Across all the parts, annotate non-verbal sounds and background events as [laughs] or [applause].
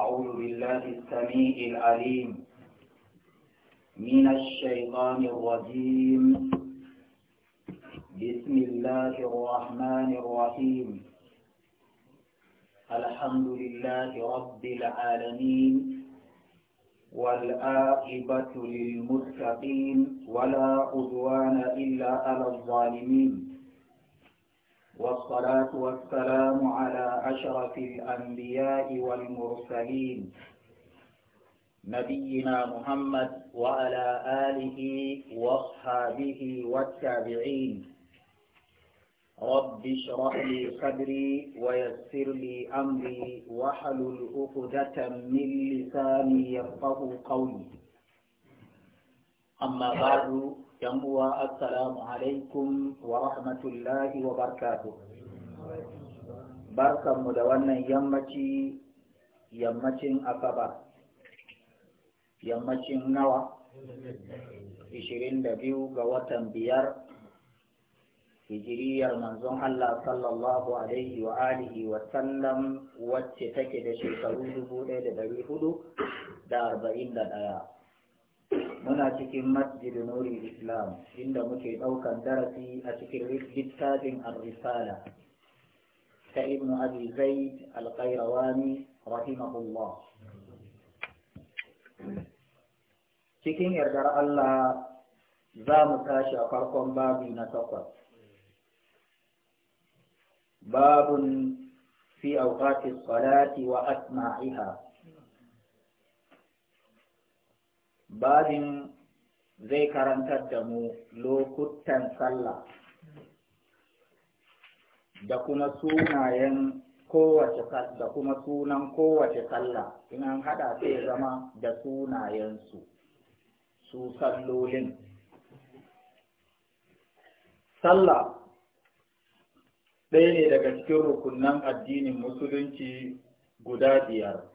أعوذ بالله السميع العليم من الشيطان الرجيم بسم الله الرحمن الرحيم الحمد لله رب العالمين والآئبة للمتقين ولا عدوان إلا على الظالمين والصلاة والسلام على أشرف الأنبياء والمرسلين نبينا محمد وعلى آله وأصحابه والتابعين رب اشرح لي صدري ويسر لي أمري واحلل عقدة من لساني يفقه قولي أما بعد yan uwa assalamu alaikum wa rahmatullahi wa barkatu. barkanmu da wannan yammaci yammacin asaba yammacin nawa 22 ga watan biyar hijiriyar manzon Allah sallallahu alaihi wa alihi wa sallam wacce take da shekaru 1441 muna cikin masjid nuri islam inda muke ɗaukan darasi a cikin littafin arrisala ta ibn abi zaid al-qayrawani rahimahullah cikin yardar Allah za mu tashi a farkon babu na takwas babun fi auqati salati wa asma'iha babin zai karantar da mu lokutan sallah da kuma sunayen kowace da kuma sunan kowace sallah in an hada sai zama da sunayensu su sallolin sallah ɗaya ne daga cikin rukunnan addinin musulunci guda biyar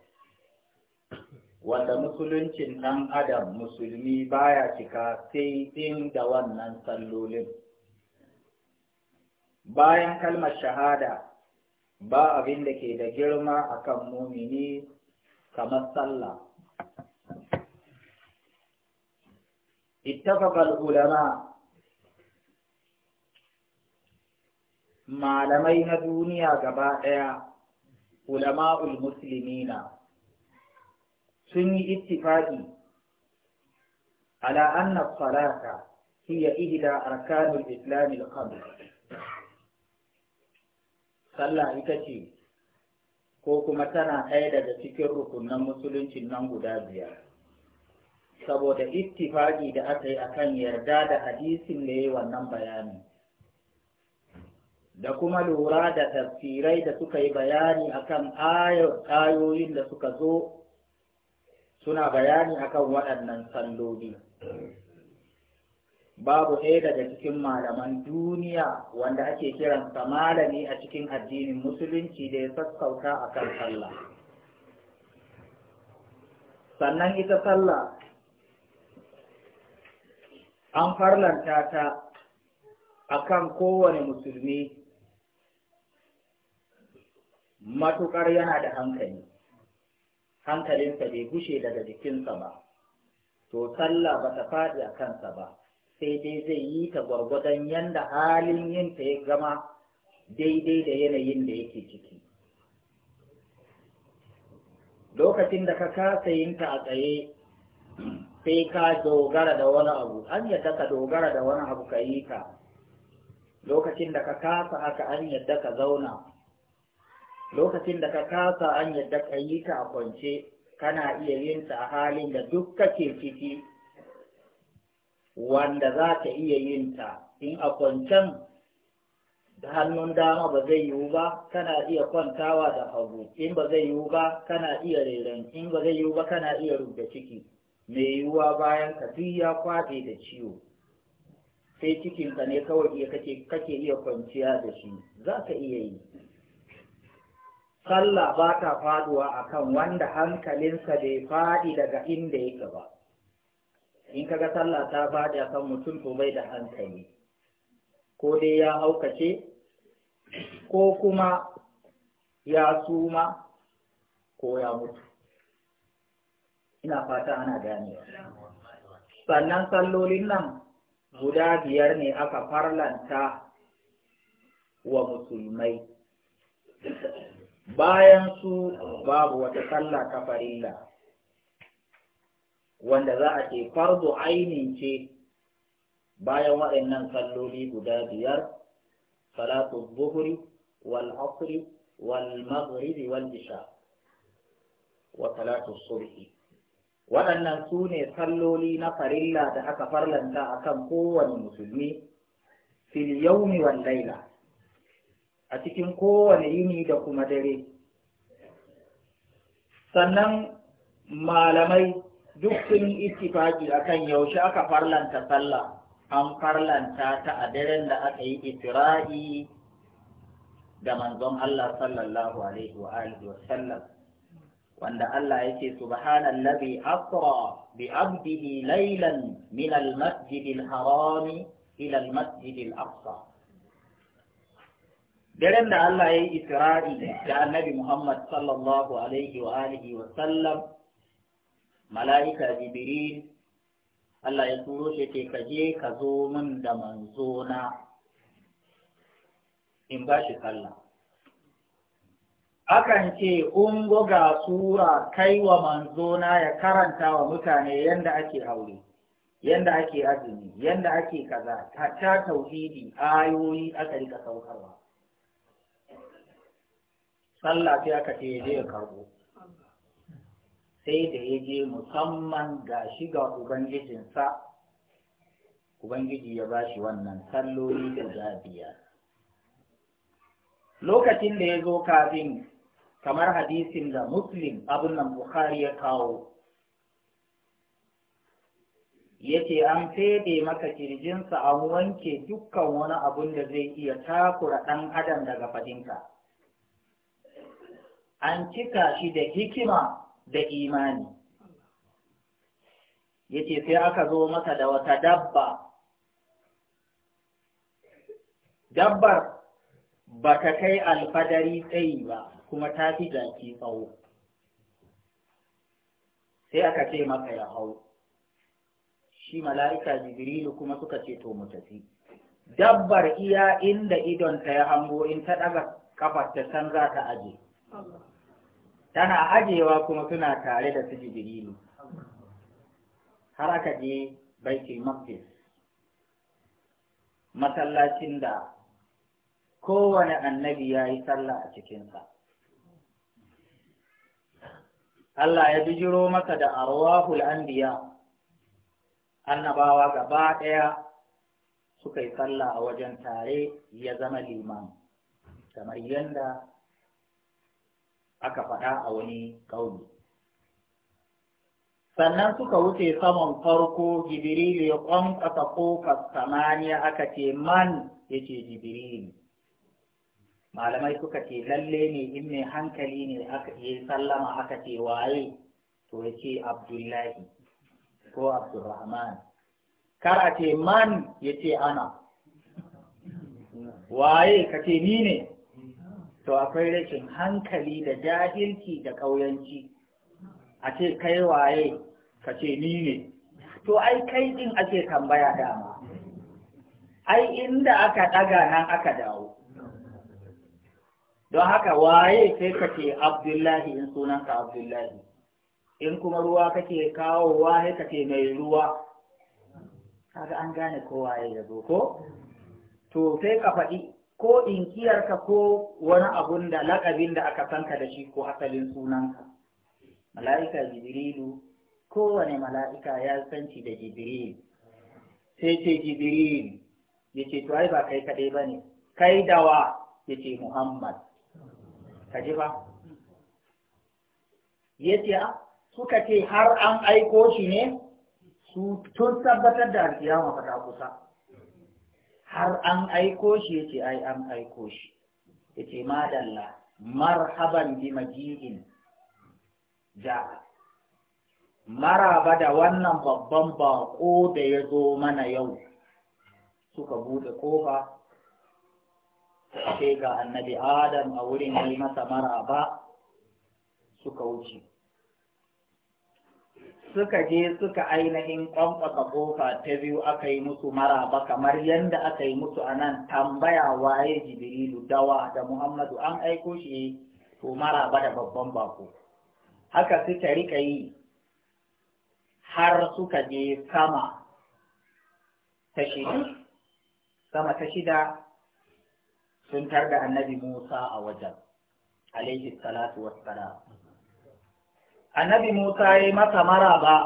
wanda musuluncin ɗan adam musulmi baya cika sai da wannan sallolin bayan kalmar shahada ba abin da ke da girma akan mumini kamar sallah اتفق ulama. malamai na duniya gaba ɗaya ulama ulama'ul na. sun yi ittifaƙi ala anna salata hiya ihda arkanul islam al-khams sallah ita ce ko kuma tana ɗaya daga cikin rukunan Musulunci nan guda biyar saboda ittifaƙi da aka yi akan yarda da hadisin da yayi wannan bayani da kuma lura da tafsirai da suka yi bayani akan ayoyin da suka zo suna bayani akan waɗannan salloli babu ɗaya daga cikin malaman duniya wanda ake kiransa malami a cikin addinin musulunci da ya sassauta a kan sallah sannan ita sallah an farlanta ta a kan kowane musulmi matuƙar yana da hankali hankalinsa bai gushe daga jikinsa ba to sallah ba ta faɗi a kansa ba sai dai zai yi ta gwargwadon yadda halin yinta ya gama daidai da yanayin da yake ciki lokacin da ka kasa yinta a tsaye sai ka dogara da wani abu an yadda ka dogara da wani abu ka yi ka lokacin da ka kasa haka an yadda ka zauna lokacin da ka kasa an yadda ka yi ta a kwance kana iya yin ta a halin da duk kake ciki wanda za ka iya yin ta in a kwancen da hannun dama ba zai yiwu ba kana iya kwantawa da hagu in ba zai yiwu ba kana iya reren in ba zai yiwu ba kana iya rubda ciki mai yiwuwa bayan ka duk ya kwaɗe da ciwo sai cikinka ne kawai kake iya kwanciya da shi za ka iya yi sallah ba ta faduwa kan wanda hankalinsa bai faɗi daga inda yake ba in kaga sallah ta faɗi kan mutum to bai da hankali ko dai ya haukace ko kuma ya suma ko ya mutu ina fata ana gane sannan sallolin nan guda biyar ne aka farlanta wa musulmai bayan su babu wata sallah kafarilla wanda za a ce fardu ainin ce bayan waɗannan salloli guda biyar salatu zuhri wal asri wal maghribi wal isha wa salatu subhi waɗannan su ne salloli na farilla da aka farlanta akan kowane musulmi fil yawmi wal laila a cikin kowane yini da kuma dare sannan malamai duk sun yi ittifaki akan yaushe aka farlanta sallah an farlanta ta a daren da aka yi itira'i da manzon Allah sallallahu alaihi wa wa sallam wanda Allah Subhanan labi asra bi abdihi laylan min al-masjidil harami ilal al-masjidil aqsa daren da Allah ya yi isra'i da annabi Muhammad sallallahu alaihi wa alihi wa sallam mala'ika jibril Allah ya turo shi ke kaje ka zo min da manzo na in ba shi sallah akan ce ungo ga sura kai wa manzo na ya karanta wa mutane yanda ake aure yanda ake azumi yanda ake kaza ta tauhidi ayoyi aka rika saukarwa sallah sai aka ce ya je ya karbo sai da ya je musamman ga shi ga ubangijinsa ubangiji ya ba shi wannan salloli guda biyar lokacin da ya zo kafin kamar hadisin da muslim abin nan bukhari ya kawo ya ce an fede maka kirjinsa an wanke dukkan wani abun da zai iya takura ɗan adam daga fadinka an cika shi da hikima da imani yace sai aka zo masa da wata dabba dabbar ba ta kai alfadari tsayi ba kuma ta fi jaki tsawo sai aka ce maka ya hau shi mala'ika jibrilu kuma suka ce to mu tafi dabbar iya inda idonta ya hango in ta ɗaga kafar ta canza za ta aje tana ajewa kuma suna tare da su jibrilu har aka je baitul maqdis masallacin da kowane annabi ya yi sallah a cikinsa Allah ya bijiro masa da arwahul anbiya annabawa gaba ɗaya suka yi sallah a wajen tare ya zama liman kamar yadda aka faɗa a wani ƙauni sannan suka wuce saman farko jibrilu ya ƙwanƙasa kofar samaniya aka ce man ya ce jibrilu malamai suka ce lalle ne in mai hankali ne aka yi sallama aka ce waye to ya ce abdullahi ko abdurrahman kar a ce man ya ce ana [laughs] waye ka ce ni ne to akwai rashin hankali da jahilci da ƙauyanci a ce kai waye ka ce ni ne to ai kai din ake tambaya dama ai inda aka ɗaga nan aka dawo don haka waye sai ka ce abdullahi in sunanka abdullahi in kuma ruwa kake kawo waye ka ce mai ruwa kaga an gane ko ya zo ko to sai ka faɗi ko inkiyarka ko wani abun da lakabin da aka sanka da shi ko asalin sunanka mala'ika jibrilu kowane mala'ika ya sanci da jibril sai ce jibril ya ce to ai ba kai kaɗai ba ne kai dawa ya ce muhammad ka ji ba ya ce ah, suka ce har an aiko shi ne su tun tabbatar da alkiyama fata kusa har an aiko shi ya ce ai an aiko shi Ya yace madalla marhaban bi maji'in ja maraba da wannan babban bako da ya zo mana yau suka bude kofa sai ga annabi adam a wurin yi masa maraba suka wuce suka je suka ainihin kwamfata ƙofa ta biyu aka yi musu maraba kamar yadda aka yi musu a nan tambaya waye jibrilu dawa da muhammadu an aiko shi to maraba da babban bako haka suka rika yi har suka je sama ta shida sama ta shida sun tar da annabi musa a wajen alaihi salatu wasu annabi Musa ya masa ba,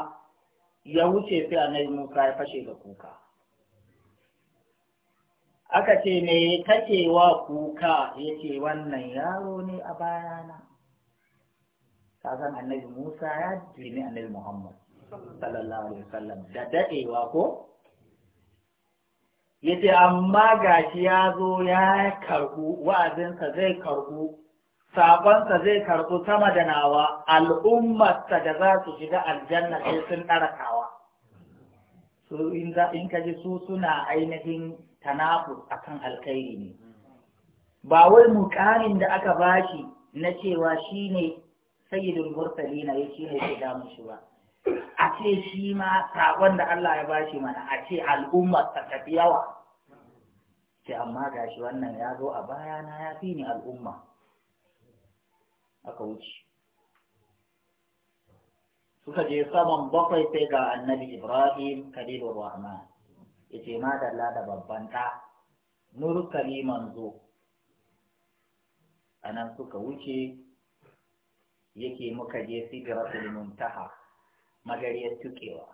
ya wuce sai annabi Musa ya fashe da kuka aka ce me kake wa kuka yake wannan yaro ne a bayana san annabi Musa ya dini annabi Muhammad sallallahu alaihi wasallam da dadewa ko yace amma gashi ya zo ya karbu wa'azinsa zai karbu sabonsa zai karɓi sama da nawa al'ummarsa da za su shiga aljanna sai sun ɗarakawa. Su in ka ji su suna ainihin tanafu a kan alkhairi ne. Ba wai muƙamin da aka bashi na cewa shi ne sayidin mursali na ya shi ne ke damu shi ba. A ce shi ma saƙon da Allah ya bashi mana a ce al'ummarsa fi yawa. Ce amma gashi wannan ya zo a bayana ya fi ni al'umma. aka wuce suka je saman bakwai sai ga annabi ibrahim khalilur rahman ce ma dalla da babban ɗa nur kaliman zo A nan suka wuce yake muka je sidratul muntaha magariyar tukewa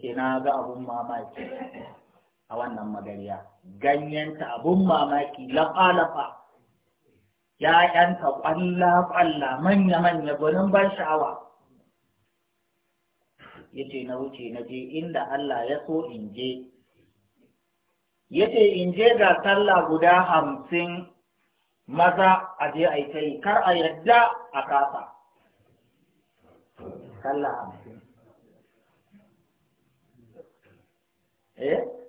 ce na ga abun mamaki a wannan magariya ganyenta abun mamaki lafa lafa yayanka ƙwalla ƙwalla-ƙwalla manya-manya gurin ban sha'awa. Ya ce na wuce na je inda Allah ya so in je. Ya ce in je ga sallah guda hamsin maza a je a yi ta yi, kar a yadda a kasa. Sallah hamsin. Eh?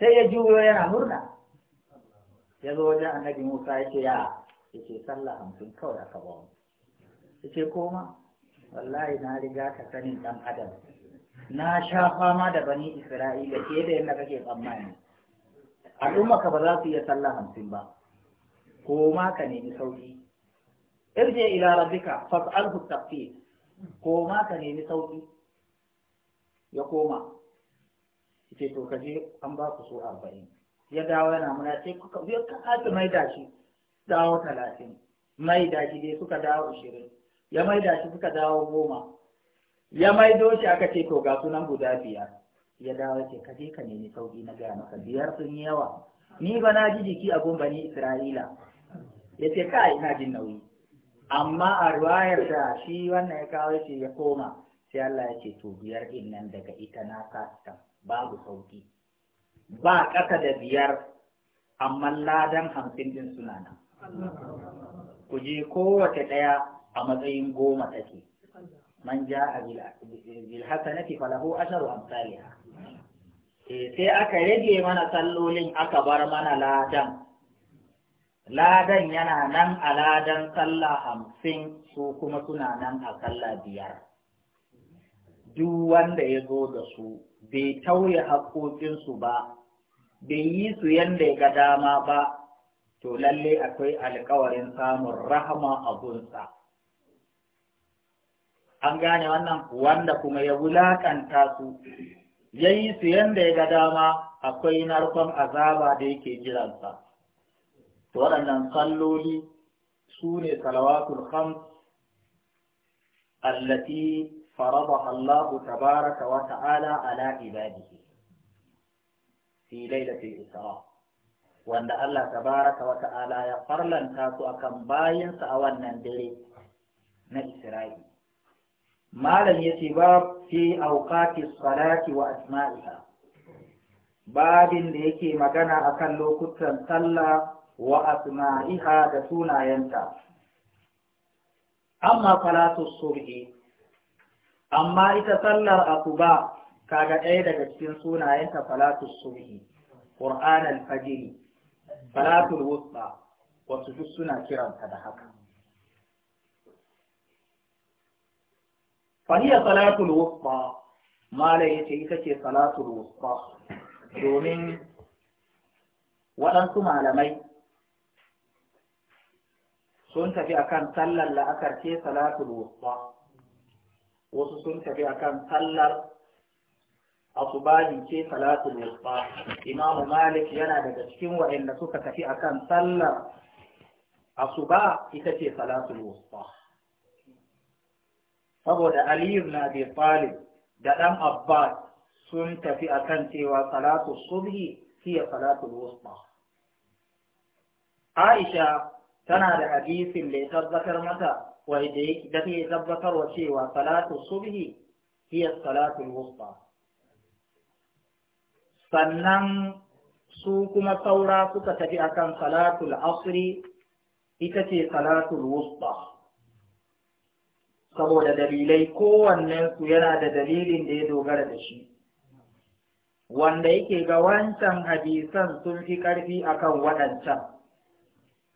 sai ya juyo yana murna ya zo wajen annabi musa ya ce ya ya ce sallah hamsin kawai aka ba mu ya ce koma wallahi na riga ka sanin dan adam na sha fama da bani isra'ila ke da yadda kake tsammani Al'ummaka ka ba za su iya sallah hamsin ba koma ka nemi sauki irje ila rabbika fas'alhu tafsir koma ka nemi sauki ya koma ce to ka je an ba ku so arba'in ya dawo yana muna sai kuka biyo ka aka maida shi dawo talatin mai shi dai suka dawo ashirin ya mai shi suka dawo goma ya mai shi aka ce to ga sunan guda biyar ya dawo ce ka je ka nemi sauki na gaya maka biyar sun yi yawa ni ba na ji jiki a ni isra'ila ya ce ka ina jin nauyi amma a ruwayar da shi wannan ya kawo ce ya koma sai Allah ya ce to biyar din nan daga ita na kasta babu sauki ba ƙasa da biyar amma ladan hamsin din suna nan ku je kowace ɗaya a matsayin goma take man ja a bilhassanati falahu asharu amsaliha eh, sai aka rage mana sallolin aka bar mana ladan ladan yana nan a ladan sallah hamsin su kuma suna nan a sallah biyar duk wanda ya zo da su bai tauye haƙoƙinsu ba bai yi su yadda ya ga dama ba to lalle akwai alkawarin samun rahama a gunsa an gane wannan wanda kuma ya wulakanta su ya yi su yadda ya ga dama akwai narkon azaba da yake jiransa to waɗannan salloli su ne salawatul khams allati فرضها الله تبارك وتعالى على عباده في ليلة الإسراء وأن الله تبارك وتعالى يقرل أن تاسو أكم باين سأوانا دري من إسرائيل ما لم يتباب في أوقات الصلاة وأسمائها باب ليكي مغانا أكن لوكتا صلى وأسمائها دسونا ينتا أما صلاة الصبح amma ita sallar asuba kaga ɗaya daga cikin sunayenta falatul subhi qur'an al-fajr falatul wusta wasu duk suna kiranta da haka fahiya salatul wusta mala yace ita ce salatul wusta domin waɗansu malamai sun tafi akan sallar la'akar ce salatul wusta wasu sun tafi akan sallar asubahi ce salatul wusta imam malik yana daga cikin waɗanda suka tafi akan sallar asuba ita ce salatul wusta saboda aliyu na bi talib da ɗan abbas sun tafi akan cewa salatu subhi hiya salatul wusta aisha tana da hadisin da ya tabbatar mata da tabbatar wa cewa salatu subhi hiya salatul wusta sannan su kuma saura suka tafi akan salatul asri ita ce salatul wusta saboda dalilai kowannensu yana da dalilin da ya dogara da shi wanda yake ga wancan hadisan sun fi ƙarfi akan waɗancan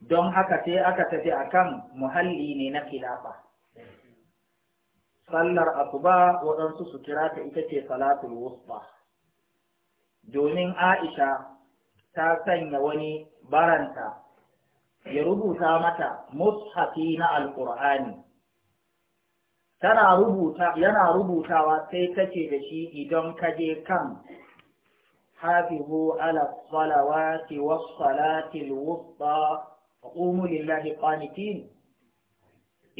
don haka sai aka tafi akan muhalli ne na khilafa sallar asuba waɗansu su kira ta ita ce salatul wusta domin aisha ta sanya wani baranta ya rubuta mata mushafi na alƙur'ani yana rubutawa sai take da shi idan ka je kan hafizu ala salawati was salati wusta faqumu lillahi qanitin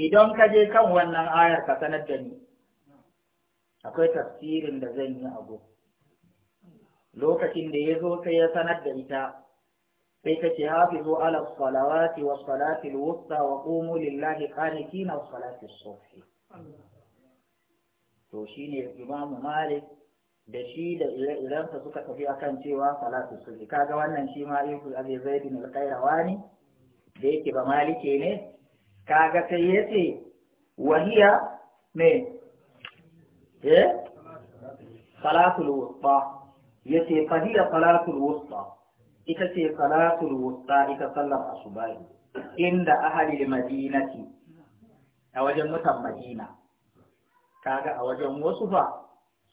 idan ka je kan wannan ayar ka sanar da ni akwai tafsirin da zan yi abu lokacin da ya zo sai ya sanar da ita sai ka ce hafi hafizu ala salawati wa salati wusta wa qumu lillahi qanitin wa salati as to shine Imam Malik da shi da ire-irensa suka tafi akan cewa salatu subh kaga wannan shi ma Ibn Abi Zaid al-Qayrawani da yake ba malike ne kaga sai ya ce wahiya ne? eh salatul wusta ya ce fahiya salatul wusta ita ce salatul wusta ita sallar asubahi inda ahli madinati a wajen mutan madina kaga a wajen wasu fa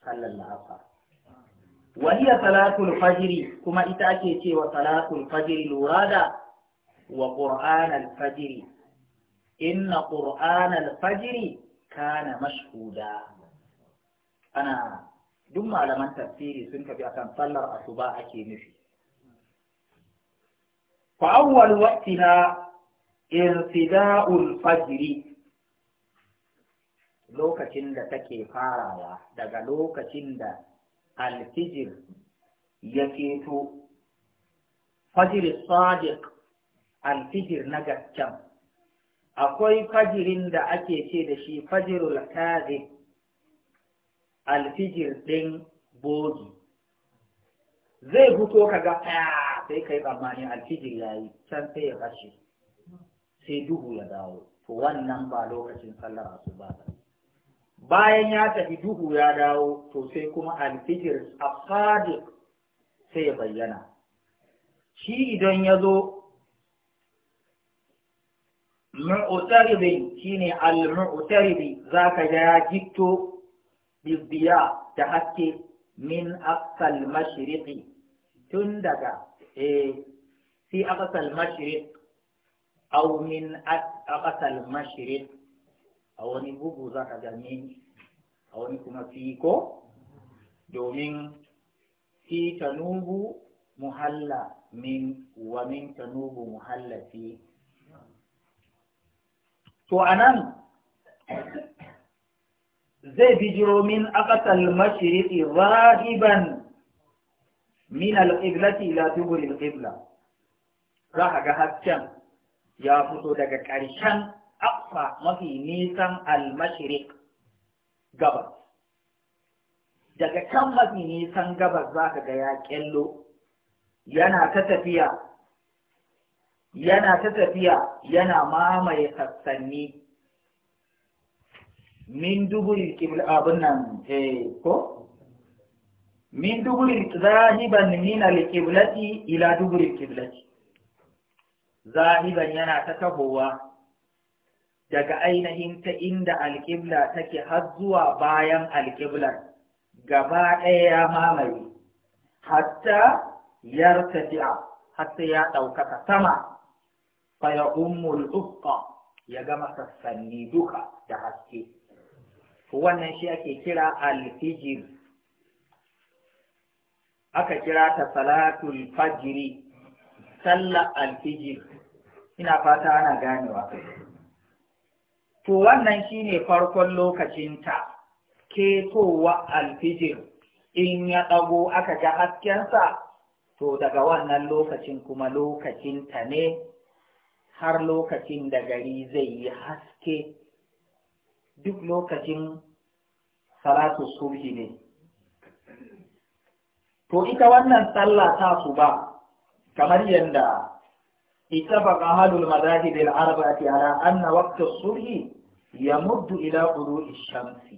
sallar la'asar وهي kuma ita كما cewa تيوى صلاة lura da? wa ƙur'an alfajiri inna ƙur'an fajiri kana mashhuda ana duk malaman tafsiri sun tafi akan sallar asuba ake nufi fa awwal waqtiha irtida'ul fajiri lokacin da take farawa daga lokacin da alfijir ya keto fajr sadiq alfijir na gaccan akwai fajirin da ake ce da shi fajirul kazi alfijir ɗin bogi zai huto ka ga ah! sai ka yi tsammanin alfijir ya yi can sai ya kashe sai duhu ya dawo to wannan ba lokacin sallar asuba ba bayan ya tafi duhu ya dawo to sai kuma alfijir a sai ya bayyana shi idan ya zo mu'taridi shine al-mu'taridi zaka ga ya gitto bibiya ta haske min aqsal mashriqi tun daga eh fi aqsal mashriq aw min aqsal mashriq a wani bugu zaka ga min a wani kuma fi ko domin fi tanubu muhalla min wa min tanubu muhalla fi to anan zai bijiro min aqsal mashiriki rahiban min al’iblati qiblati ila za a ga hasken ya fito daga ƙarshen afa mafi nisan al mashirik gabas daga kan mafi nisan gabas za ka ga ya kyallo yana ta tafiya yana ta tafiya yana mamaye sassanni min dubu abin nan eh, ko min dubul zahiban min al ila dubul qiblati zahiban yana ta tahowa daga ainihin ta inda alƙibla take har zuwa bayan alƙiblar gaba ɗaya ya mamaye hatta yar tafiya hatta ya ɗaukaka sama faya ummul ya gama sassanni duka da haske wannan shi ake kira alfijir aka kira ta salatul fajiri sallar alfijir ina fata ana ganewa to wannan shine farkon lokacinta ketowa alfijir in ya ɗago aka ga haskensa to daga wannan lokacin kuma lokacinta ne har lokacin da gari zai yi haske duk lokacin salatu subhi ne to ita wannan sallah ta su ba kamar yadda اتفق أهل المذاهب الأربعة anna أن وقت ya يمد ila طلوع shamsi.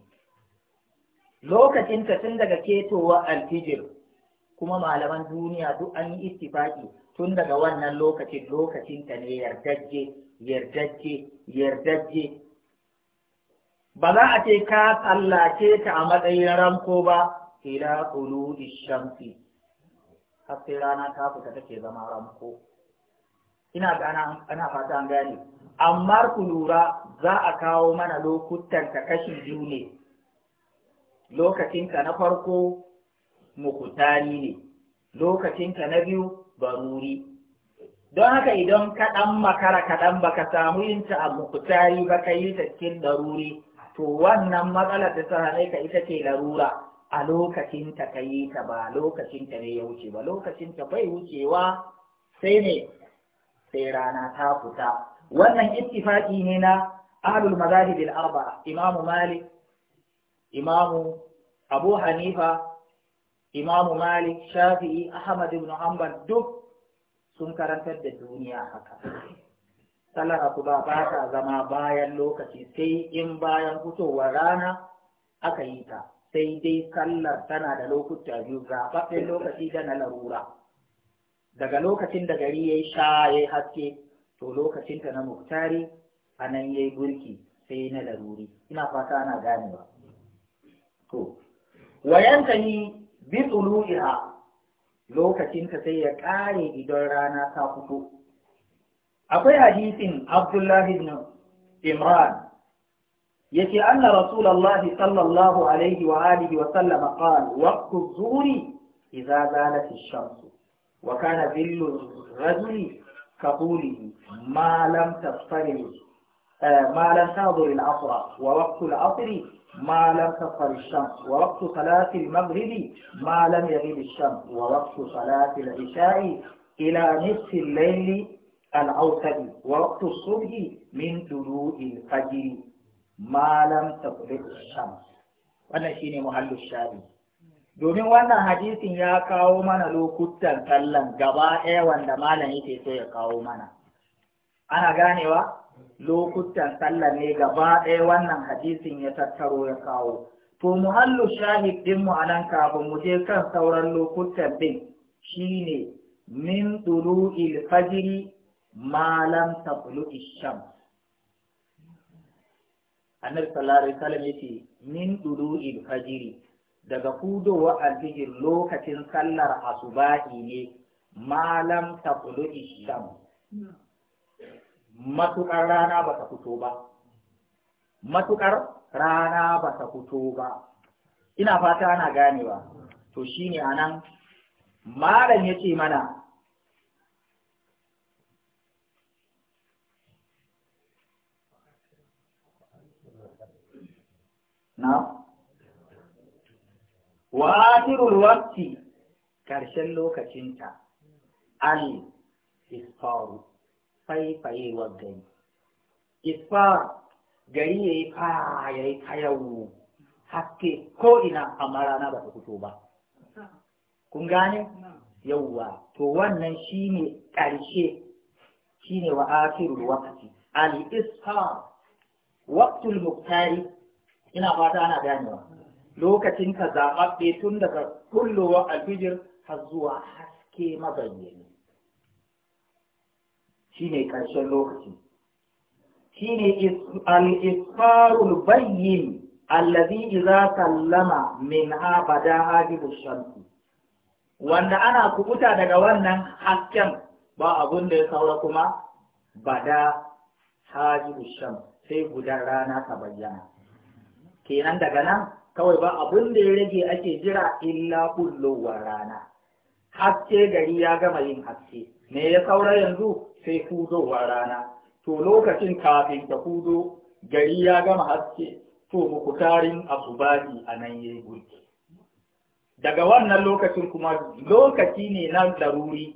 lokacin ka tun daga ketowa alfijir kuma malaman duniya duk an yi istifaki tun daga wannan lokacin lokacin ka ne yardajje yardajje yardajje ba za a ce ka tsallace ta a matsayin ranko ba ila ulu shamsi har sai rana ta fita take zama ranko ina gana ana fata an gane amma ku lura za a kawo mana lokutan ka kashi biyu ne lokacin ka na farko mukutani ne lokacin ka na biyu baruri don haka idan kaɗan makara kaɗan ba ka samu yin ta a mukutari ba ka yi ta cikin laruri to wannan matsalar da ta hane ka ita ce larura a lokacin ta ka yi ta ba lokacin ta ne ya wuce ba lokacin ta bai wucewa sai ne sai rana ta fita wannan ittifaqi ne na ahlul mazahib Arba, arba'a imamu malik imamu abu hanifa imamu malik shafi'i ahmad ibn hanbal duk sun karantar da duniya haka sallar asuba ba ta zama bayan lokaci sai in bayan fitowar rana aka yi ta sai dai sallar tana da lokuta biyu zaɓaɓɓen lokaci da na larura daga lokacin da gari ya yi sha ya yi haske to lokacin ta na muktari a nan ya yi burki sai na laruri ina fata ana ganewa to wayanta ni bi tsulu'iha lokacinta sai ya ƙare idan rana ta fito akwai hadisin abdullahi ibn imran yace anna Rasulallah sallallahu alaihi wa alihi wa sallama qala waƙo zuri idza zalat ash-shams wa kana dhillu rajuli ka Malam ma lam tasfari eh, ma wa waƙo al-asri ما لم تقر الشمس ووقت صلاة المغرب ما لم يغيب الشمس ووقت صلاة العشاء إلى نصف الليل الأوسط ووقت الصبح من طلوع الفجر ما لم الشمس wannan shine muhallin shari domin wannan hadisin ya kawo mana lokutan sallan gaba ɗaya wanda malam yake so ya kawo mana ana ganewa lokutan sallar ne gaba ɗaya wannan hadisin ya tattaro ya kawo to muhallu shahid din mu anan kafin mu je kan sauran lokutan din shine min tulu'il fajri ma lam taqlu'ish annabi sallallahu alaihi wasallam yace min tulu'il fajri daga hudowa alfijir lokacin sallar asubahi ne malam tablu isham. matuƙar rana ba ta fito ba matuƙar rana ba ta fito ba ina fata ana ganewa to shi shine anan malam ya ce mana na wa akhirul waqti karshen lokacinta Ali isfaru faifayewar gari ifa gari ya yi faya ya yi kayawu haske ko ina amma rana ba ta fito ba kun gane yauwa to wannan shine ƙarshe shine wa akhirul wakati al isfa waktul Muktari ina fata ana ganewa lokacin ka zaɓaɓɓe tun daga kullowa alfijir har zuwa haske mabayyani Shi ne ƙarshen lokaci shine al al’isfarul bayyin allazi idza sallama min bada hadibu shamsi wanda ana kubuta daga wannan hasken ba abin da ya saura kuma bada hadibu sham sai gudan rana ta bayyana kenan daga nan kawai ba abin da ya rage ake jira illa kullowar rana haske gari ya gama yin haske me ya saura yanzu sai hudowa rana to lokacin kafin ta hudo gari ya gama haske to muku tarin asubahi a nan ya yi daga wannan lokacin kuma lokaci ne na daruri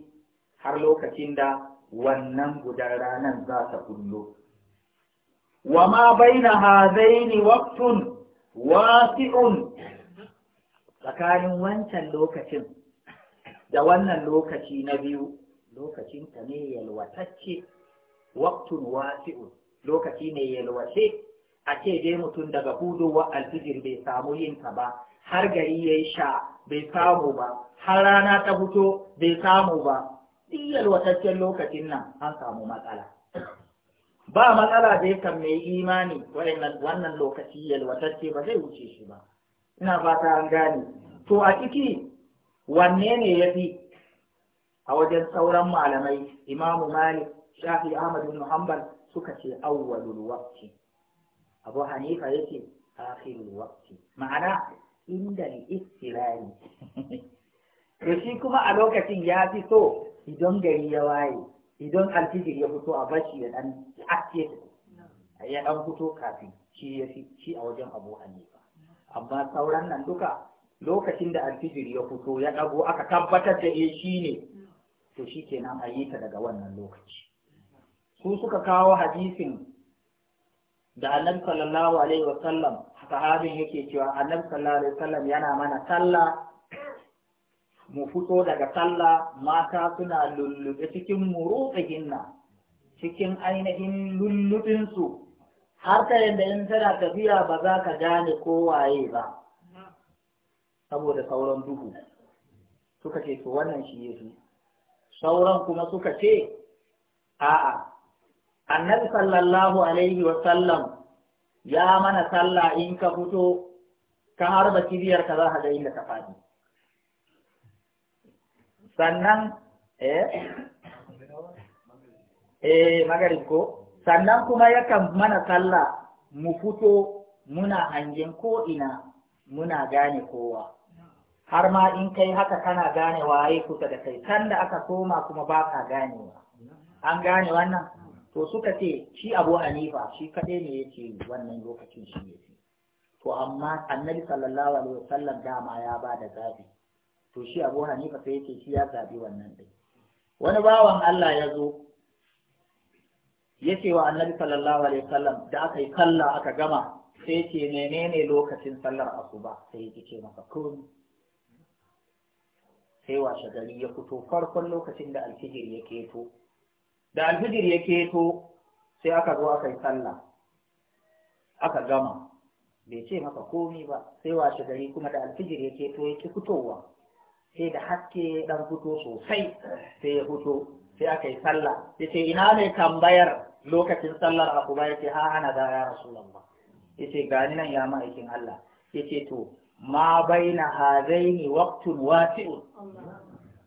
har lokacin da wannan gudan ranar za ta kullo wa ma baina hazaini waqtun wasi'un tsakanin wancan lokacin da wannan lokaci na biyu ta ne yalwatacce waktun wasi'un lokaci ne yalwace a ce dai mutum daga hudowa alfijir bai samu yin ta ba har gari ya sha bai samu ba har rana ta fito bai samu ba duk yalwataccen lokacin nan an samu matsala ba matsala dai kan mai imani wannan lokaci yalwatacce ba zai wuce shi ba ina fata an gane to a ciki wanne ne ya fi a wajen sauran malamai imamu malik shafi ahmad bin suka ce awwalul waqti abu hanifa yake akhirul waqti ma'ana inda al-istirari [laughs] to shi kuma a lokacin ya fi so idan gari ya waye idan alfijir ya fito a bashi ya dan aske ya dan fito kafin shi ya fi shi a wajen abu hanifa amma sauran nan duka lokacin da alfijir ya fito ya dago aka tabbatar da eh shi ne to shi kenan a yi ta daga wannan lokaci su suka kawo hadisin da annabi sallallahu alaihi wa sallam sahabin yake cewa annabi sallallahu alaihi wa sallam yana mana sallah mu fito daga sallah mata suna lullube cikin gina, cikin ainihin lullubinsu har ta yadda in tana tafiya ba za ka gane kowaye ba saboda sauran duhu suka ce to wannan shi yesu sauran kuma suka ce a'a annabi sallallahu alaihi wasallam ya mana sallah in ka fito ka harba kibiyar ka za ka ga inda ka faɗi sannan eh eh magarin ko sannan kuma yakan mana sallah mu fito muna hangen ko ina muna gane kowa har ma in kai haka kana gane waye kusa da kai can da aka koma kuma ba ka ganewa an gane wannan to suka ce shi abu hanifa shi kaɗai ne yake wannan lokacin shi ne to amma annabi sallallahu alaihi wasallam dama ya ba da zabi to shi abu hanifa sai yake shi ya zabi wannan din wani bawan Allah ya zo ya ce wa annabi sallallahu alaihi wasallam da aka yi kalla aka gama sai ce menene lokacin sallar asuba sai yake ce maka kun sai washe gari ya fito farkon lokacin da alfijir ya keto da alfijir ya keto sai aka zo aka yi sallah aka gama bai ce maka komi ba sai washe gari kuma da alfijir ya keto ya ki fitowa sai da haske dan fito sosai sai ya fito sai aka yi sallah ya ce ina ne tambayar lokacin sallar akuba ya ce ha ana da ya rasu lamba ya ce gani nan ya ma aikin Allah ya ce to ma baina hazaini waqtun wasi'un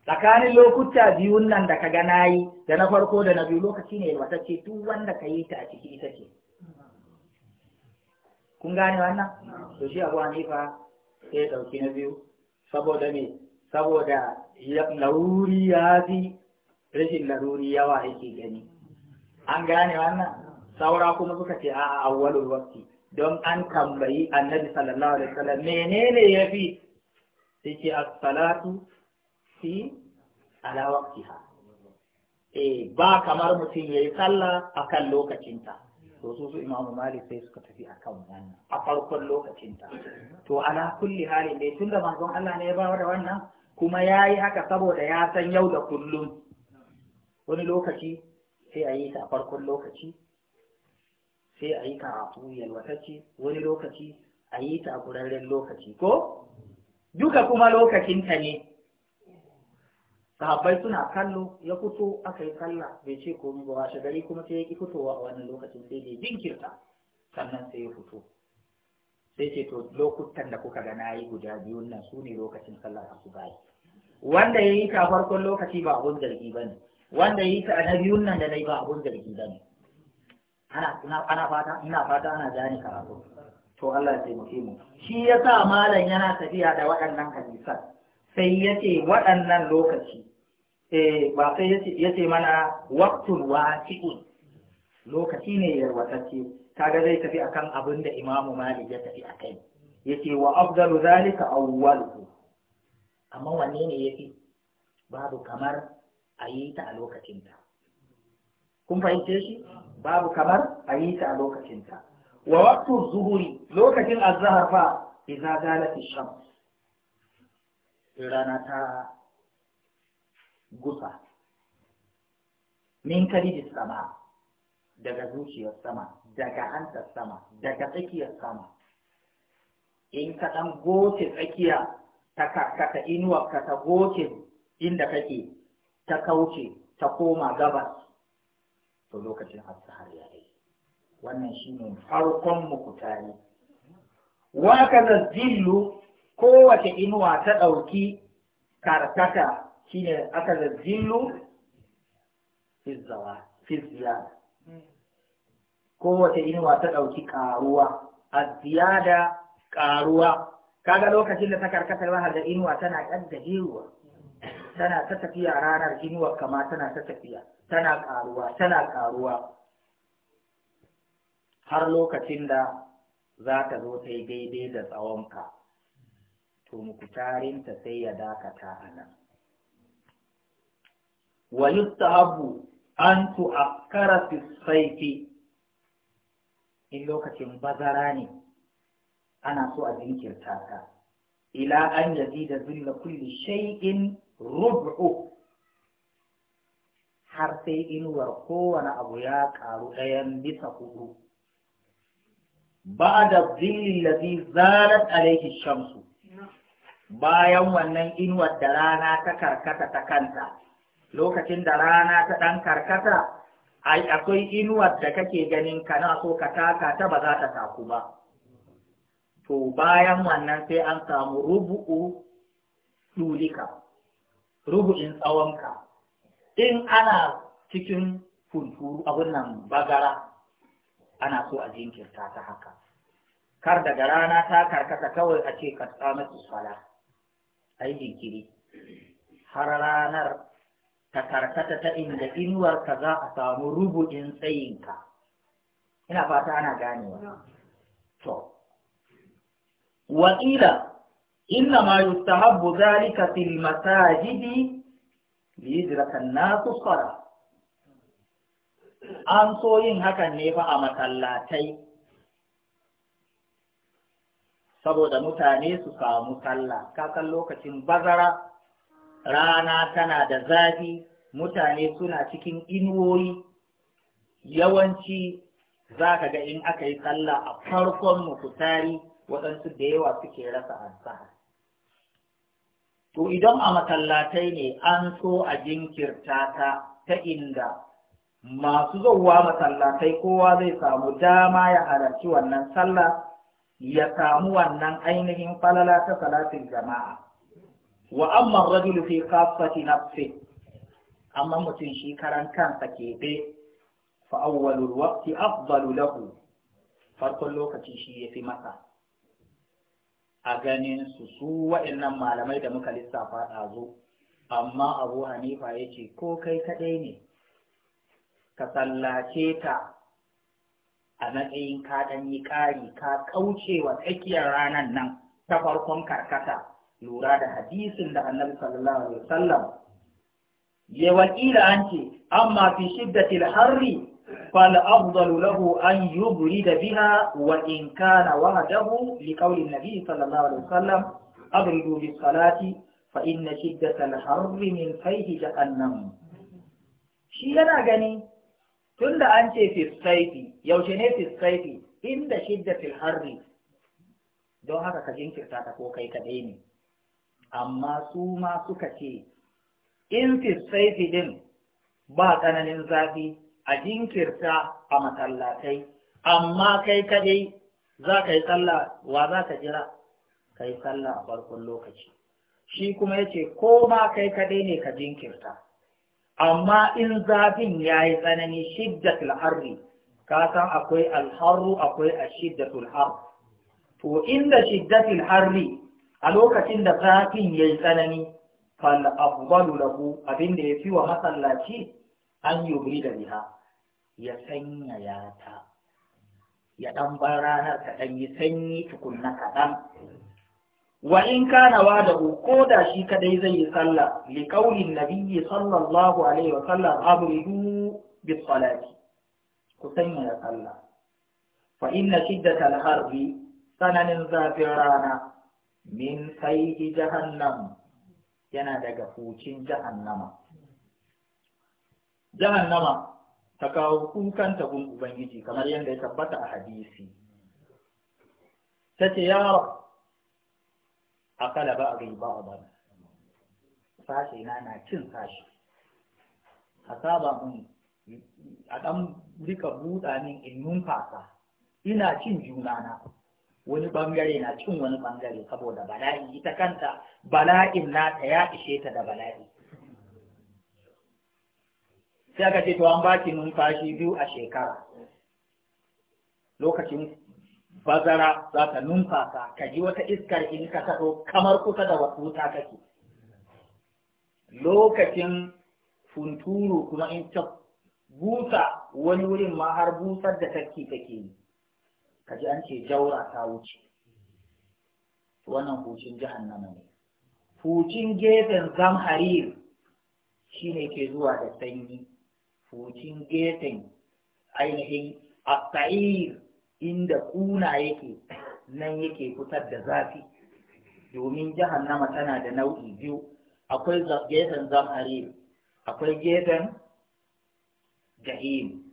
tsakanin lokuta biyun nan da kaga nayi da na farko da na biyu lokaci ne wata ce duk wanda ka yi ta a ciki ita ce kun gane wannan to shi abu fa sai dauki na biyu saboda me saboda laruri ya fi rashin laruri yawa yake gani an gane wannan saura kuma suka ce a awwalul waqti don an tambayi annabi sallallahu alaihi wasallam menene ya fi sai ce as-salatu fi ala waqtiha eh ba kamar mutum yayi sallah akan lokacinta to su su imamu malik sai suka tafi akan wannan a farkon lokacinta to ala kulli hali dai tunda manzon Allah ne ya ba da wannan kuma yayi haka saboda ya san yau da kullum wani lokaci sai a yi ta a farkon lokaci sai a yi karatu watacci wani lokaci a yi ta a kurarren lokaci ko duka kuma lokacinta ne sahabbai suna kallo ya fito aka yi sallah bai ce komai ba washe gari kuma sai ya ki fitowa a wannan lokacin sai dai jinkirta sannan sai ya fito sai ce to lokutan da kuka ga nayi guda biyun nan su ne lokacin sallar asubahi wanda ya yi ta farkon lokaci ba abun zargi ba ne wanda ya yi ta na biyun nan da na yi ba abun zargi ba ne ana fata ina fata ana ka karatu to Allah ya taimake mu shi yasa malam yana tafiya da waɗannan hadisan sai yace waɗannan lokaci eh ba sai yace yace mana waqtul waqi'un lokaci ne yarwatacce kaga zai tafi akan abin da Imam Malik ya tafi akai yace wa afdalu zalika awwalu amma wanne ne yafi babu kamar a yi ta a lokacinta kun fahimce shi babu kamar a yi ta a lokacinta wa waqtu zuhuri lokacin azhar fa idza galat ash-shams rana ta gusa min kalidis sama daga zuciyar sama daga hantar sama daga tsakiyar sama in ka dan goce tsakiya ta karkata inuwa ka ta goce inda kake ta kauce ta koma gabas to lokacin asahar ya yi wannan ne farkon mukutari wa zillu kowace inuwa ta ɗauki karkata shine aka da zillu fizziya kowace inuwa ta ɗauki ƙaruwa a ziyada ƙaruwa kaga lokacin da ta karkata za da inuwa tana ɗan tana ta tafiya ranar inuwa kama tana ta tafiya tana ƙaruwa tana ƙaruwa har lokacin da za ta zo ta yi daidai da tsawonka to mukutarinta sai ya dakata a nan wa yustahabu an tu'akkara fi saifi in lokacin bazara ne ana so a jinkirta ka ila an yazi da zulla kulli shay'in rub'u har sai inuwar kowane abu ya karu ɗayan bisa hudu. Ba da zillin lafi zarar alaihi shamsu, bayan wannan inuwar da rana ta karkata ta kanta, lokacin da rana ta ɗan karkata, akwai inuwar da kake ganin kana so ka taka ta ba za ta taku ba. To bayan wannan sai an samu rubu'u tulika, rubu'in tsawonka. in ana cikin hunturu abin nan bagara ana so a jinkirta ta haka kar daga rana ta karkata kawai a ce ka tsama a ai jinkiri har ranar ta karkata ta inda inuwar ka za a samu rubu'in tsayinka ina fata ana ganewa to wakila inna ma yustahabbu zalika fil masajidi liyijraka nasu fara. an so yin hakan ne fa a masallatai saboda mutane su samu sallah kakan lokacin bazara rana tana da zafi mutane suna cikin inuwoyi yawanci za ka ga in aka yi sallah a farkon mafutari waɗansu da yawa suke rasa azahar To idan a masallatai ne an so a jinkirta ta ta inda masu zauwa masallatai kowa zai samu dama ya halarci wannan sallah ya samu wannan ainihin falala ta salatin jama'a. Wa amma rajulu fi kafati nafsi amma mutum shi karan kansa keɓe fa awwalul waqti afdalu lahu farkon lokaci shi yafi masa. a ganin su su waɗannan malamai da muka lissafa ɗazu amma abu hanifa ya ce ko kai kaɗai ne ka sallace ta a matsayin ka ɗan yi ƙari ka kauce wa tsakiyar ranar nan ta farkon karkata lura da hadisin da annabi sallallahu alaihi wasallam ya wakila an ce amma fi shiddatil harri فالأفضل له أن يبرد بها وإن كان وعده لقول النبي صلى الله عليه وسلم أبردوا بالصلاة فإن شدة الحر من فيه جهنم shi yana gani Tunda da an ce fiskaifi yaushe ne fiskaifi inda shidda filharri don haka ka jinkirta ta ko kai kaɗai ne amma su ma suka ce in fiskaifi din ba tsananin zafi a jinkirta a masallatai amma kai kadai za ka yi sallah wa za ka jira ka yi sallah a farkon lokaci shi kuma ya ce ko ma kai kadai ne ka jinkirta amma in zafin ya yi tsanani shidda harri ka san akwai alharru akwai shidda har to inda shidda harri a lokacin da zafin ya yi tsanani fal afdalu lahu abinda ya fi wa masallaci an yubri da biha ya sanyaya ta ya ɗan bar ranar kaɗan, yi sanyi tukunna kaɗan wa in kana wadahu ko da shi kadai zai yi sallah li kaulin nabiyyi sallallahu alaihi wa sallam abridu bis salati ku sanya sallah fa inna shiddata al harbi sananin zafin rana min sayyi jahannam yana daga hucin jahannama jahannama ta kawo kukan gun ubangiji kamar yadda ya tabbata a hadisi ta ce ya a akala ba a gai a bana sashe na na cin sashe a saba mun a ɗan rika buɗa min in numfasa ina cin juna na wani bangare na cin wani bangare saboda bala'i ita kanta bala'in nata ya ishe ta da bala'i sai aka ce to an baki numfashi biyu a shekara lokacin bazara za ka numfasa ka ji wata iskar in ka taso kamar kusa da wasu wuta kake lokacin funturu kuma in ta busa wani wurin ma har busar da taki take yi ka ji an ce jaura ta wuce wannan hucin jahannama ne hucin gefen zamharir shine ke zuwa da sanyi fucin gefen ainihin tsayir inda kuna yake nan yake fitar da zafi domin jahannama tana da nau'i biyu akwai gefen zamharir akwai gefen jahim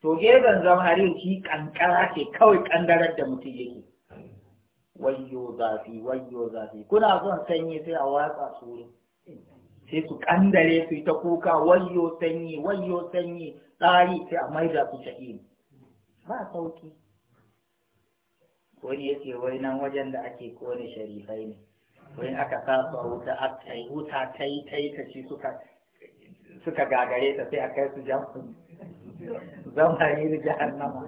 to gefen zamharir shi kankara ce kawai kandarar da mutum yake wayyo zafi wayyo zafi kuna son sanyi sai a watsa tsoro sai su kandare su ta kuka wayo sanyi wayo sanyi tsari sai a maida su shahidi ba sauki wani ya yake wai nan wajen da ake kone sharifai ne in aka saba, a wuta a kai wuta ta yi ta yi ta shi suka gagare ta sai a kai su jamfin [laughs] zama yi da jahannama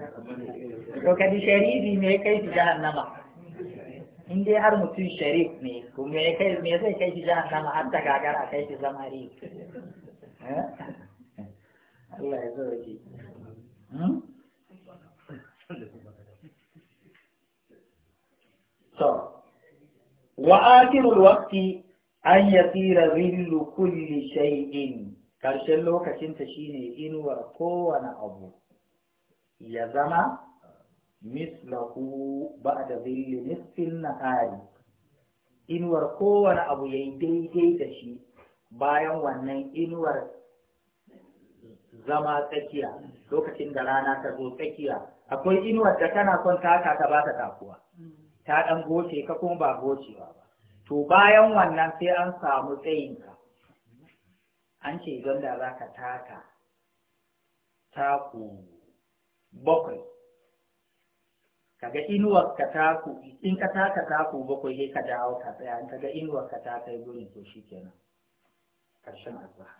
to kadi sharifi ne kai su jahannama in dai har mutum sharif ne kuma ya kai me zai kai shi jahannama har ta gagara kai shi zamari eh? Allah ya zauje so hmm? wa akhirul waqti an yasira zillu kulli shay'in karshen lokacin ta shine inuwar kowane abu ya zama mislahu ba'da zilli nisfin nahari inuwar kowane abu yayi daidai da shi bayan wannan inuwar zama tsakiya lokacin da rana ta zo tsakiya akwai inuwar da tana son taka ta ba ta takuwa ta ɗan goce ka kuma ba gocewa ba to bayan wannan sai an samu tsayinka an ce idan da za ka taka taku bakwai kaga inuwar ka taku in ka taka taku bakwai sai ka dawo ka tsaya in kaga inuwar ka ta kai gurin to shikenan karshen azhar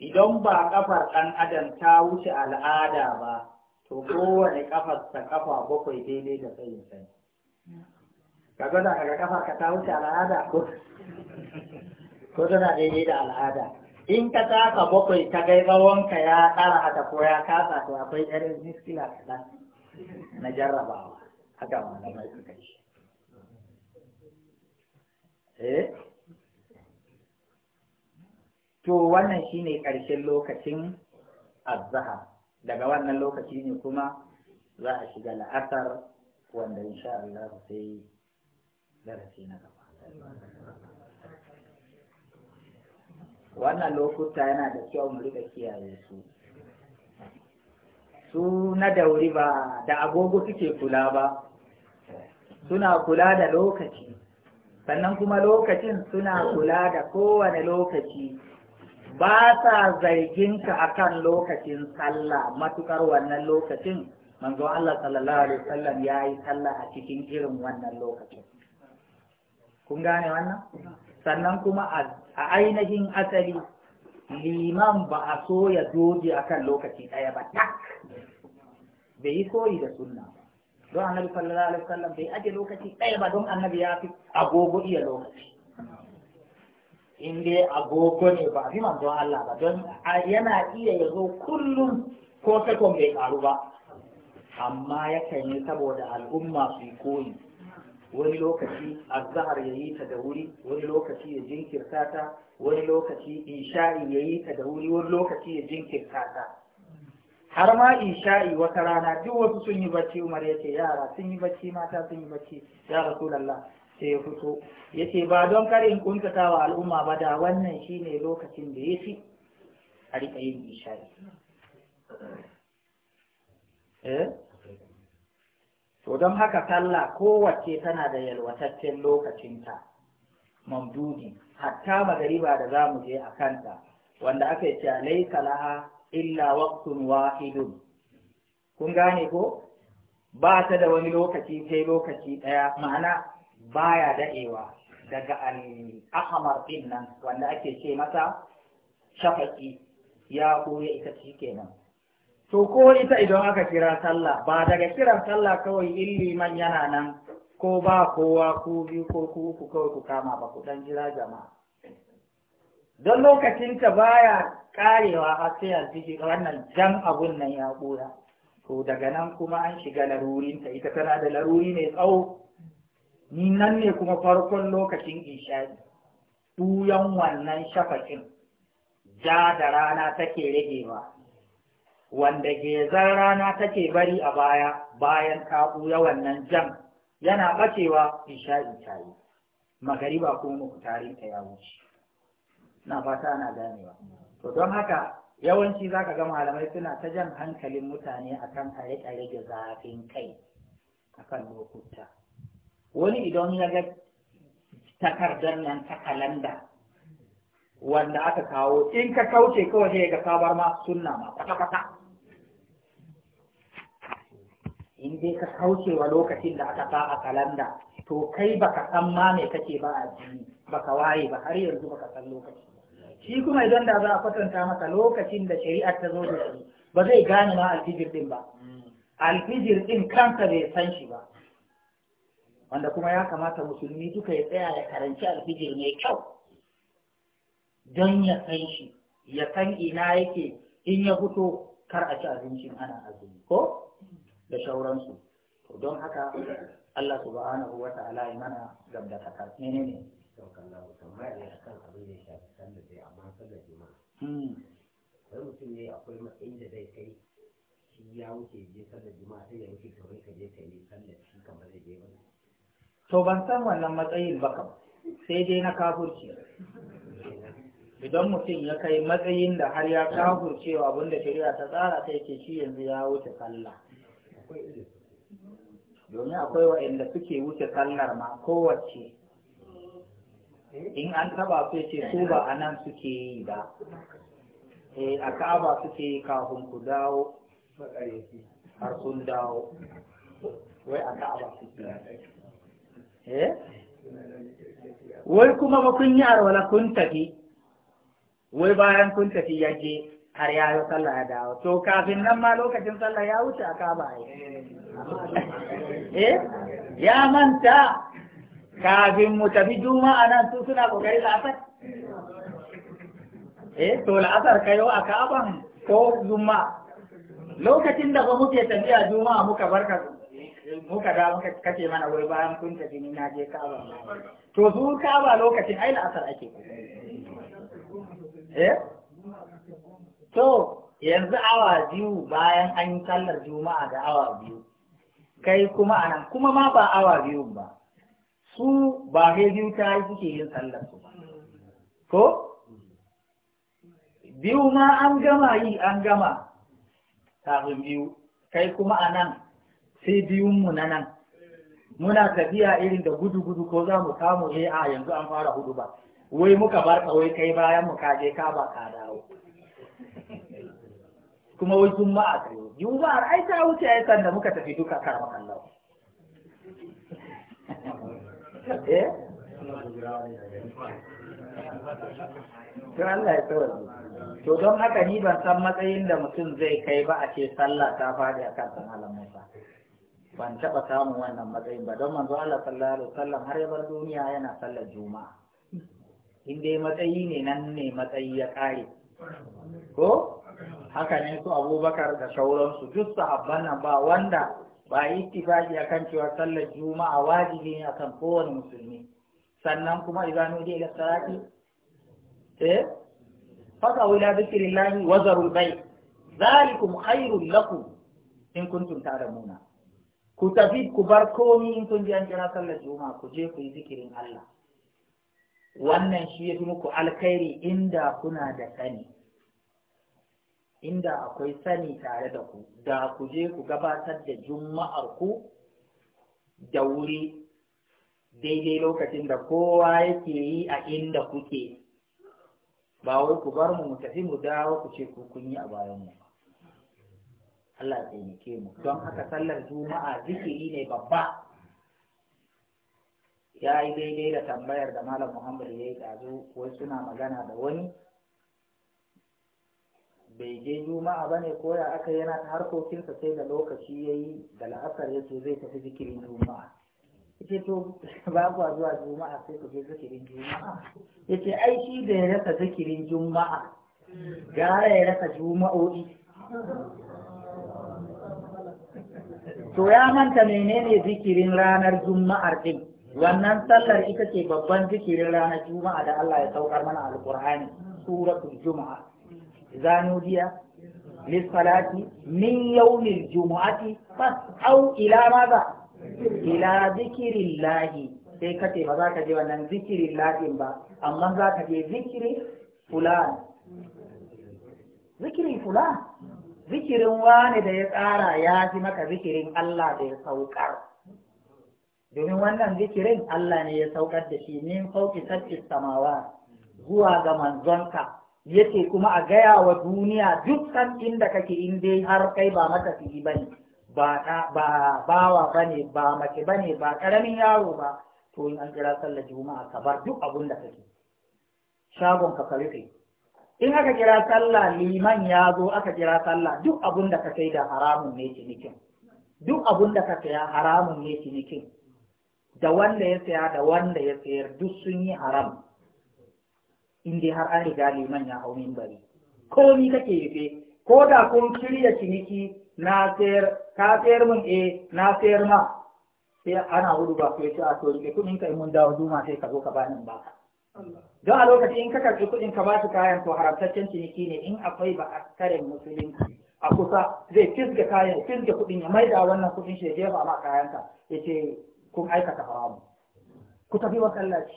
idan ba kafar ɗan adam ta wuce al'ada ba to kowane kafar ta kafa bakwai daidai da tsayin sai ka gwada kaga kafar ka ta wuce al'ada ko ko tana daidai da al'ada in ka taka bakwai ta ga rawanka ya tsara haka ko ya kasa to akwai ɗan miskila kaɗan na jarrabawa haka mai suka shi eh to wannan shine ƙarshen lokacin azzaha daga wannan lokaci ne kuma za a shiga la'asar wanda insha Allah sai darasi na gaba wannan lokuta yana da kyau mu rika kiyaye su su na dauri ba da agogo suke kula ba suna kula da lokaci sannan kuma lokacin suna kula da kowane lokaci ba sa zargin ka akan lokacin sallah matukar wannan lokacin manzo Allah sallallahu alaihi wasallam ya sallah a cikin irin wannan lokacin kun gane wannan sannan kuma a ainihin asali liman ba a so ya a kan lokaci ɗaya ba tak bai yi koyi da sunna don annabi sallallahu alaihi wasallam bai aje lokaci ɗaya ba don annabi ya fi agogo iya lokaci in dai agogo ne ba fi manzon Allah ba don yana iya ya zo kullum ko sakon bai karu ba amma yakan yi saboda al'umma su koyi wani lokaci azahar ya yi ta da wuri wani lokaci ya jinkirta ta wani lokaci isha'i ya yi ta da wuri wani lokaci ya jinkirta ta har ma isha'i wata rana duk wasu sun yi bacci umar ya yara sun yi bacci mata sun yi bacci ya lalla sai ya fito Yace ba don kar in kuntata wa al'umma ba da wannan shine lokacin da ya fi a riƙa yin isha'i eh? to don haka talla kowace tana da yalwataccen lokacinta mamdudi hatta magariba da za mu je a kanta wanda aka yi laha illa waqtun wahidun kun gane ko ba ta da wani lokaci sai lokaci ɗaya ma'ana baya daɗewa daga al'ahamar din nan wanda ake ce masa shafaki ya koya ita shi kenan to ko ita idan aka kira sallah ba daga kiran sallah kawai illi man yana nan ko ba kowa ko biyu ko ku uku kawai ku kama ba ku dan jira jama'a don lokacinta baya karewa a sai alfiji wannan jan abun nan ya kura to daga nan kuma an shiga larurinta ita tana da laruri mai tsawo ni nan ne kuma farkon lokacin isha'i duyan wannan shafakin ja da rana take ragewa wanda gezar rana take bari a baya bayan ta yawan wannan jan yana ɓacewa isha'i ta yi magariba kuma mukutarin ta ya wuce na fata ana ganewa to don haka yawanci za ka ga malamai suna ta jan hankalin mutane akan a riƙa rage zafin kai akan lokuta wani idan ya ga takardar nan ta kalanda wanda aka kawo in ka kauce kawai sai ga sabar ma sunna ma kwata-kwata in dai ka kaucewa lokacin da aka sa kalanda to kai baka san ma me kake ba a jini baka waye ba har yanzu baka san lokaci shi kuma idan da za a kwatanta maka lokacin da shari'ar ta zo da shi ba zai gane ma alfijir din ba alfijir din kanka bai san shi ba wanda kuma ya kamata musulmi duka ya tsaya ya karanci alfijir mai kyau don ya san shi ya san ina yake in ya fito kar a ci abincin ana azumi ko da shauransu to don haka Allah subhanahu wa ta'ala ya mana gabda kaka ne saukallahu tambaya ne akan abin da kan ya shafi sallar dai amma sallar juma'a sai hmm. mutum ne akwai matsayin da zai kai shi ya wuce je sallar juma'a sai ya wuce kawai ka je kai ne, sallar shi kamar zai je ba. to ban san wannan matsayin ba kam sai dai na kafurci idan mutum ya kai matsayin da har ya kafurcewa abinda shari'a ta tsara sai ke shi yanzu ya wuce sallah akwai domin akwai waɗanda suke wuce sallar ma kowace in an taba su ce su ba a nan suke yi ba eh, a ka'aba suke yi kafin ku dawo har sun dawo wai a ka'aba suke yi eh? wai kuma ba kun yi arwala kun tafi wai bayan kun tafi yaje har ya yi sallah ya dawo to kafin nan ma lokacin sallah ya wuce a kaba eh ya manta kafin mu tafi juma'a nan su suna kokari la'asar eh to la'asar ka yi a kaban ko juma'a lokacin da ba muke tafiya juma'a muka barka muka da muka kace mana wai bayan kun tafi ni na je kaba to su kaba lokacin ai la'asar ake eh to yanzu awa biyu bayan an yi sallar juma'a da awa biyu kai kuma ana kuma ma ba awa biyu ba su ba sai biyu ta yi suke yin sallar su ko biyu ma an gama yi an gama kafin biyu kai kuma a nan sai biyunmu na nan muna tafiya irin da gudu-gudu ko za mu samu eh, a yanzu an fara hudu ba wai muka bar wai kai bayan mu kaje ka ba ka dawo kuma wai a ta yau juma'ar a ta wuce yi sanda muka tafi duka karama kallon [laughs] eh Allah ya tsawar to don haka ni ban san matsayin da mutum zai kai ba a ce sallah ta faɗi kan san malam Musa ban taɓa samun wannan matsayin ba don manzo Allah sallallahu alaihi wasallam har ya duniya yana sallar juma'a in dai matsayi ne nan ne matsayi ya kare ko haka ne su abubakar da sauransu duk sahabban nan ba wanda ba a kan cewa sallar juma'a wajibi ne akan kowane musulmi sannan kuma idan nudi ila salati eh fasa ila dhikrillahi wa zarul bayt zalikum khairul lakum in kuntum ta'lamuna ku tafi ku bar komi in kun ji an kira sallar juma'a ku je ku yi zikirin Allah wannan shi ya fi muku alkhairi inda kuna da sani inda akwai sani tare da ku da ku je ku gabatar da juma'ar ku da wuri daidai lokacin da kowa yake yi a inda kuke ba wai ku bar mu mu tafi mu dawo ku ce ku kun yi a bayan mu Allah ya taimake mu don haka sallar juma'a zikiri ne babba ya yi daidai da tambayar da malam Muhammadu ya yi ɗazu wai suna magana da wani bai je juma'a bane ko ya aka yana ta harkokinsa sai da lokaci ya yi da la'asar ya ce zai tafi zikirin juma'a ya to [laughs] ba ku zuwa juma'a sai ku je zikirin juma'a ya ce ai shi da ya rasa zikirin juma'a gara ya rasa juma'o'i to ya manta menene zikirin ranar juma'ar din wannan sallar ita ce babban zikirin ranar juma'a da Allah ya saukar mana alkur'ani suratul juma'a zanudiya lissalati min yawmil jumu'ati fas'au ila maza ila zikirillahi sai ka ce ba za ka je wannan zikirin lahin ba amma za ka je zikiri fulan zikirin fulan zikirin wani da ya tsara ya fi maka zikirin Allah da ya saukar domin wannan zikirin Allah ne ya saukar da shi min fauki sabbi samawa zuwa ga manzonka yace kuma a gaya wa duniya duk inda kake in dai har kai ba matafiyi bane ba ba bawa bane ba mace bane ba karamin yaro ba to in an kira sallar juma'a ka bar duk abun da kake shagon ka rufe in aka kira sallah liman ya zo aka kira sallah duk abun da ka da haramun ne cinikin duk abun da ka saya haramun ne cinikin da wanda ya saya da wanda ya sayar duk sun yi haram in dai har an riga liman ya hau mimbari komi kake rufe ko da kun shirya ciniki na sayar ka sayar min eh na sayar ma sai ana gudu ba ku yace a to rike kuɗin ka mun dawo duma sai ka zo ka bani ba don a lokaci in ka karɓi kuɗin ka ba su kayan to haramtaccen ciniki ne in akwai ba a karin musulunci a kusa zai fisga kayan fisga kuɗin ya maida wannan kuɗin shi ya jefa ma kayanka ya ce kun aikata haramu ku tafi masallaci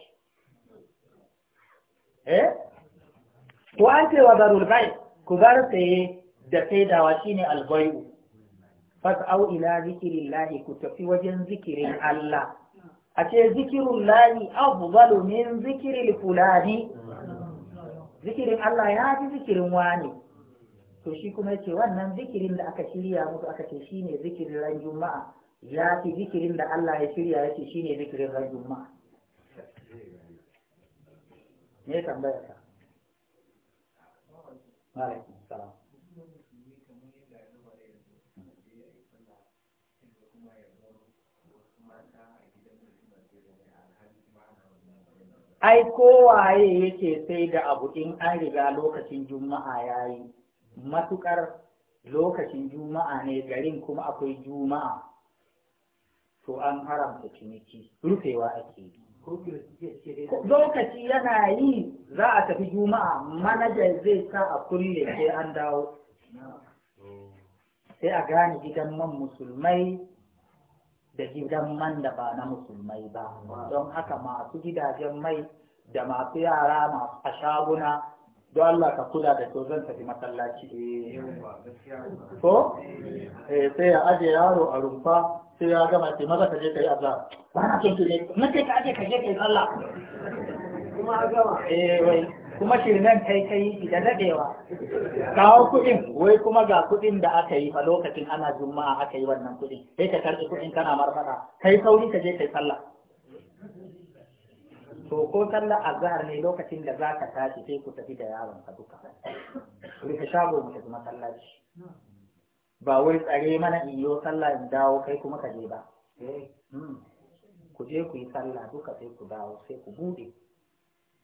Eh? ko an ce wa zarul bai ku bar saye da saidawa shine albayu fas'au ila lahi ku tafi wajen zikirin Allah a ce zikirullahi afdalu min zikirin fulani zikirin Allah ya fi zikirin wani to shi kuma yace wannan zikirin da aka shirya muku aka ce shine zikirin ran ya fi zikirin da Allah ya shirya yake shine zikirin ran juma'a me tambayar ka ai kowaye yake sai da abu in an riga lokacin juma'a yayi matukar lokacin juma'a ne garin kuma akwai juma'a to an haramta ciniki rufewa ake yi lokaci yana yi za a tafi juma'a manajan zai sa a kulle sai an dawo sai a gane gidan man musulmai da gidan man da ba na musulmai ba don haka masu gidajen mai da masu yara masu a shaguna don Allah ka kula da to zan tafi masallaci eh, ko eh, sai ya aje yaro a rumfa sai ya gama ce maza ka je ka yi azhar ba na son tuni na kai ka je ka je ka yi sallah kuma a gama eh wai kuma shirmen kai kai da dadewa kawo kuɗin wai kuma ga kuɗin da aka yi a lokacin ana juma'a aka yi wannan kuɗin sai ka karɓi kuɗin kana marfada kai sauri ka je ka yi sallah to ko sallar azhar ne lokacin da za ka tashi sai ku tafi da yaron ka duka rufe shago mu tafi masallaci ba wai tsare mana in sallah in dawo kai kuma ka je ba eh, hmm. ku je ku yi sallah duka sai ku dawo sai ku bude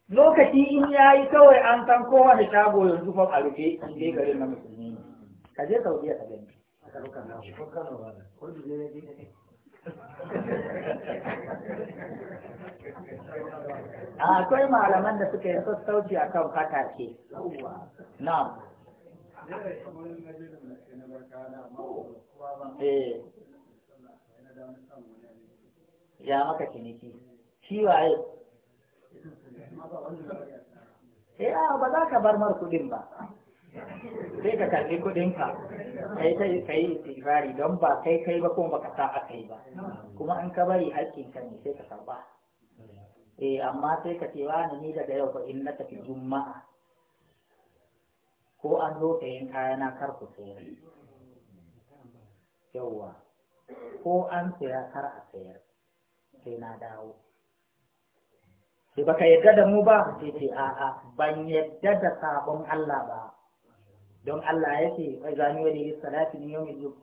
lokaci in ya yi kawai an san da shago yanzu fa a rufe in dai garin na musulmi ka je saudiya ka gani [laughs] akwai malaman da suka yi sassauci fata ce na eh ya maka ciniki shi waye eh ba za ka bar mar kudin ba sai ka karbi kudin ka kai kai kai don ba kai kai ba kuma baka sa aka yi ba kuma an ka bari haƙƙin ne sai ka karba eh amma sai ka ce wani ni daga yau fa in na tafi juma'a ko an zo yin kayana kar ku sayar yawwa ko an saya kar a sayar sai na dawo sai baka yadda da mu ba sai ce a'a ban yadda da sabon Allah ba don Allah ya ce wai zani wani yi salati min yawmin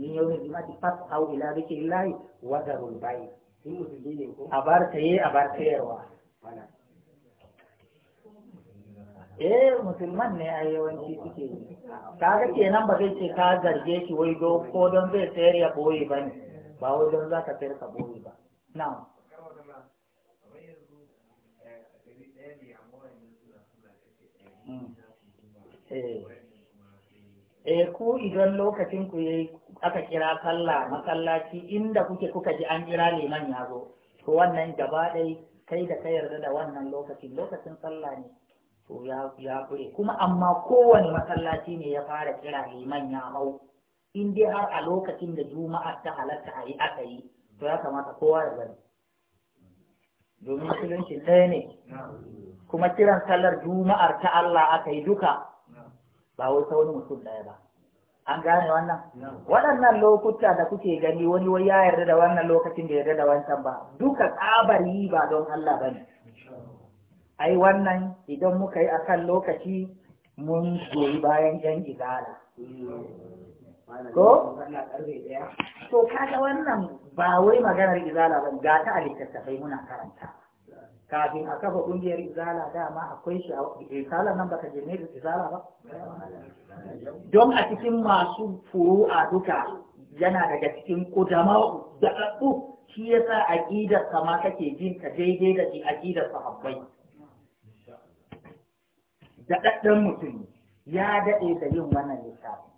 min yawmin jumati fas au ila zikrillahi wa darul bay a bar yi a bar yarwa eh musulman ne a yawanci suke yi kaga nan ba zai ce ka zarge ki wai do ko don zai sayar ya boye ba ne ba wai don za ka sayar ka boye ba na hmm. eh. eh ku idan lokacin ku yayi aka kira sallah masallaci inda kuke kuka ji an kira liman ya zo to wannan gaba ɗaya kai da ka yarda da wannan lokacin lokacin sallah ne to ya ya kure kuma amma kowane masallaci ne ya fara kira liman ya hau in dai har a lokacin da juma'a ta halatta a yi aka yi to ya kamata kowa ya gani. domin musulunci ɗaya ne kuma kiran sallar juma'ar ta Allah aka yi duka ba wai ta wani mutum ɗaya ba an gane wannan waɗannan lokuta da kuke gani wani wai ya yarda da wannan lokacin da yarda da wancan ba duka tsabari ba don Allah bane ai wannan idan muka yi akan lokaci mun goyi bayan yan Izala. ko to kaga wannan ba wai maganar izala ba ga ta a muna karanta kafin a kafa kungiyar izala dama akwai shi a izala nan baka je ne izala ba don a cikin masu furu a duka yana daga cikin kudama da shi yasa aqidar ma kake jin ka daidai da aqidar sahabbai daɗaɗɗen mutum ya daɗe da yin wannan lissafi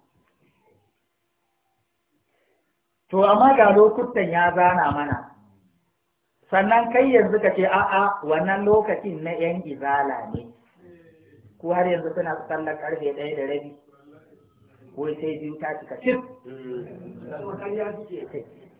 to amma ga lokutan ya zana mana sannan kai yanzu ka ce a'a wannan lokacin na yan izala ne ko har yanzu suna sallar karfe ɗaya da rabi ko sai biyu ta cika cin. Mm.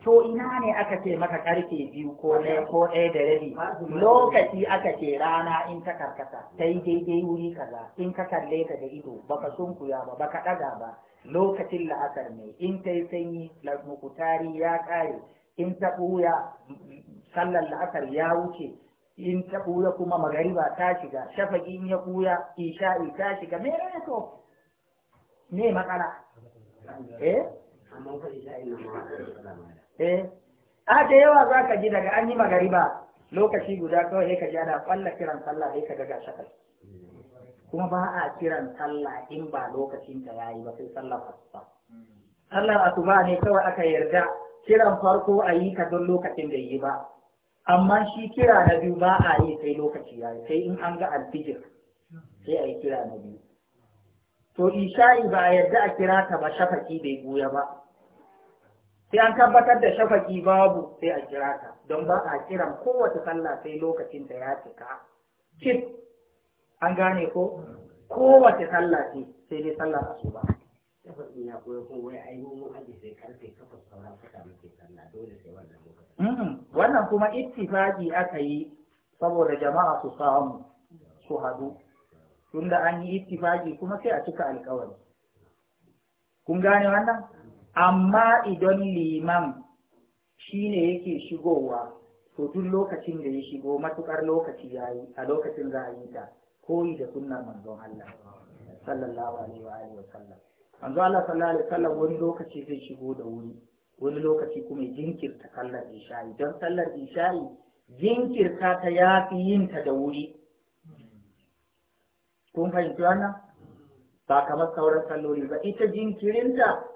to ina ne aka ce maka karfe biyu ko ɗaya ko ɗaya da rabi lokaci aka ce rana in ka karkata ta yi daidai wuri kaza in ka kalle ka da ido baka sunkuya ba baka ɗaga ba lokacin la'asar ne in ta yi sanyi mukutari ya ƙare in ta ɓuya sallar la'asar ya wuce in ta ɓuya kuma magariba ta shiga shafaƙi in ya ɓuya isha'i ta shiga me ne to me matsala eh eh a da yawa za ka ji daga an yi magariba lokaci guda kawai sai ka ji ana kwalla kiran sallah sai ka ga ga shakal kuma ba a kiran sallah in ba lokacin ta yayi ba sai sallar asuba a asuba ne kawai aka yarda kiran farko a yi ka don lokacin da yi ba amma shi kira na biyu ba a yi sai lokaci ya yi, sai in an ga alfijir sai a yi kira na biyu to isha'i ba a yarda a kira ka ba shafaki bai goya ba sai an tabbatar da shafaki babu sai a kira ta don ba a kiran kowace sallah sai lokacin da ya cika Kit, an gane ko kowace sallah ce sai dai sallar asuba shafaki ya koyo ko wai yi mun haji sai karfe kafa sauran fada muke sallah dole sai wannan lokacin. wannan kuma ittifaqi aka yi saboda jama'a su samu su hadu tunda an yi ittifaqi kuma sai a cika alƙawari kun gane wannan amma idan liman shi ne yake shigowa to duk lokacin da ya shigo matukar lokaci ya yi a lokacin za a yi ta koyi da sunnar manzon Allah sallallahu alaihi wa alihi wasallam manzon Allah sallallahu alaihi wasallam wani lokaci zai shigo da wuri wani lokaci kuma jinkirta sallar isha'i don sallar isha'i jinkirta ta ya fi yin ta da wuri kun fahimci wannan ba kamar sauran salloli ba ita jinkirinta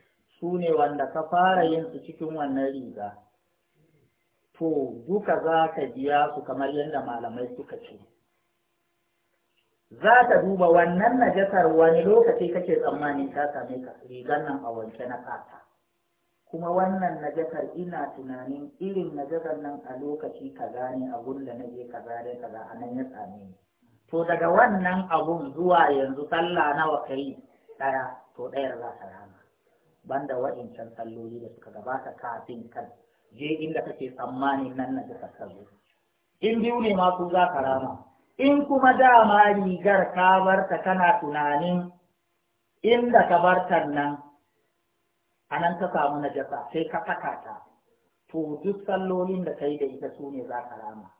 su ne wanda ka fara yin su cikin wannan riga to duka za ka biya su kamar yadda malamai suka ce za ka duba wannan najasar wani lokaci kake tsammanin ta same ka rigar nan a wanke na kata kuma wannan najasar ina tunanin irin najasar nan a lokaci ka gane abun da na je kaza ka kaza a nan ya same ni to daga wannan abun zuwa yanzu sallah nawa kai daya to ɗayar za ta rana banda waɗancan salloli da suka gabata kafin kan je inda kake tsammanin nan na duka sallo in biyu ne ma ku za ka rama in kuma dama rigar ka barta kana tunanin inda ka ta nan a nan ka samu na jasa sai ka saka ta to duk sallolin da yi da ita su ne za ka rama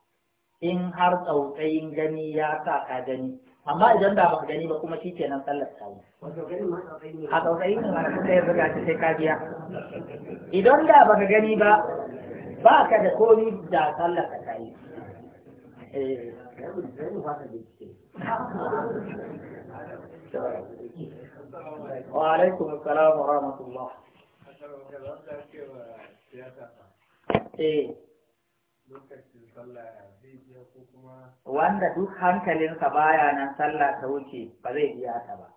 in har tsautsayin gani ya sa ka gani amma idan da ba gani ba kuma shikenan sallar ta yi a tsautsayi ne mana kuka ya sai ka biya idan da ba gani ba ba ka da komi da sallar ka ta yi eh. wa alaikum wa rahmatullah eh. wanda duk hankalinsa baya nan sallah ta wuce ba zai biya ta ba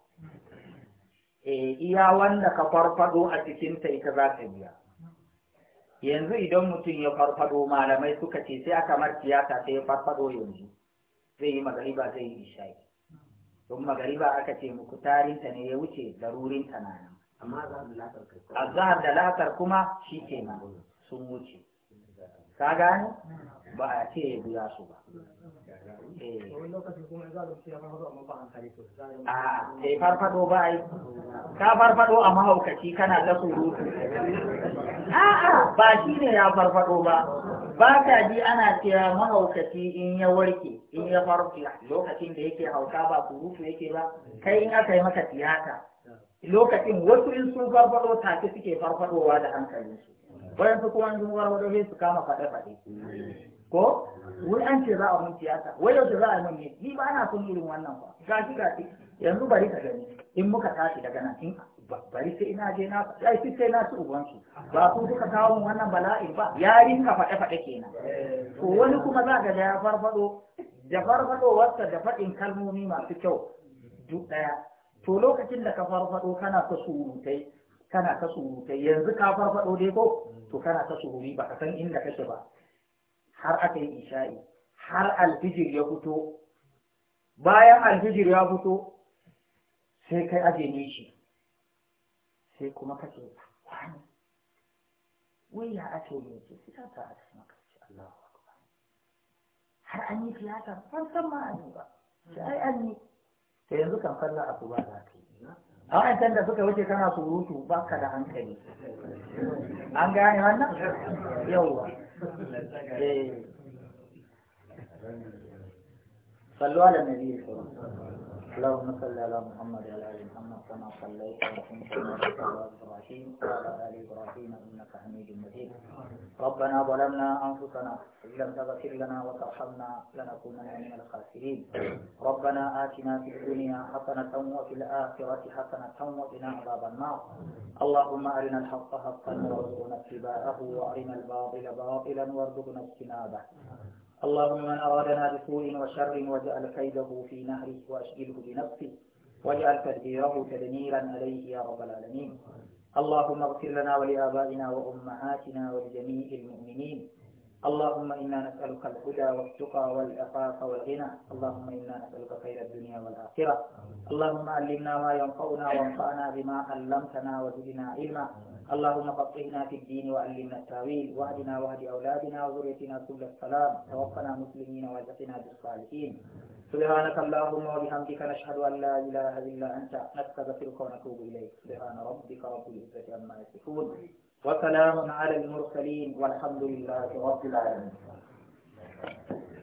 Eh iya wanda ka farfado a cikinta ita za ka biya yanzu idan mutum ya farfado malamai suka ce sai aka mar tiyata sai ya farfado yanzu zai yi magariba zai yi isha'i don magariba aka ce muku tarinta ne ya wuce darurin na nan amma azhar da la'asar kuma shi ke sun wuce ka gane ba a ce ya biya su ba eh. a sai ah, eh, farfado ba yi ka farfado a mahaukaci kana ta surutu a'a ba shi ne ya farfado ba ba ka ji ana cewa mahaukaci in ya warke in ya farfi lokacin da yake hauka ba surutu yake ba kai in aka yi maka tiyata lokacin wasu in sun farfado take suke farfadowa da hankalinsu wayansu kuma in sun farfado su kama faɗe-faɗe ko wai an ce za a mun tiyata wai yau za a mun ne ni ba na son irin wannan ba gashi gashi yanzu bari ka gani in muka tashi daga nan in bari sai ina je na ai sai sai na ci ubansu ba ku duka kawo wannan bala'in ba yarin ka faɗe faɗe kenan to wani kuma za ga ya farfado da farfadowarsa da faɗin kalmomi masu kyau duk ɗaya to lokacin da ka farfado kana ka surutai kana ka surutai yanzu ka farfado dai ko to kana ka sururi ba ka san inda kake ba har aka yi isha'i har alfijir ya fito bayan alfijir ya fito sai kai aje ne shi sai kuma kace wani wai ya ake ne ce ta a cikin makarci Allahu akbar har an yi siyasa har san ma an yi ba sai an yi sai yanzu kan falla a ba za ka yi a wancan da suka wuce kana surutu ba ka da hankali an gane wannan yauwa صلوا على النبي صلى الله عليه وسلم اللهم صل على محمد وعلى ال محمد كما صليت وعلى على ابراهيم وعلى ال ابراهيم انك حميد مجيد ربنا ظلمنا انفسنا ان لم تغفر لنا وترحمنا لنكونن من الخاسرين ربنا اتنا في الدنيا حسنه وفي الاخره حسنه وقنا عذاب النار اللهم ارنا الحق حقا وارزقنا اتباعه وارنا الباطل باطلا وارزقنا اجتنابه اللهم من أرادنا بسوء وشر واجعل كيده في نهره وأشغله بنفسه واجعل تدبيره تدميرا عليه يا رب العالمين اللهم اغفر لنا ولآبائنا وأمهاتنا ولجميع المؤمنين اللهم إنا نسألك الهدى والتقى والعفاف والغنى اللهم إنا نسألك خير الدنيا والآخرة اللهم علمنا ما ينفعنا وانفعنا بما علمتنا وزدنا علما اللهم فقهنا في الدين وعلمنا التاويل واهدنا واهد اولادنا وذريتنا كل السلام توفنا مسلمين واجعلنا بالصالحين سبحانك اللهم وبحمدك نشهد ان لا اله الا انت نستغفرك ونتوب اليك سبحان ربك رب العزه عما يصفون وسلام على المرسلين والحمد لله رب العالمين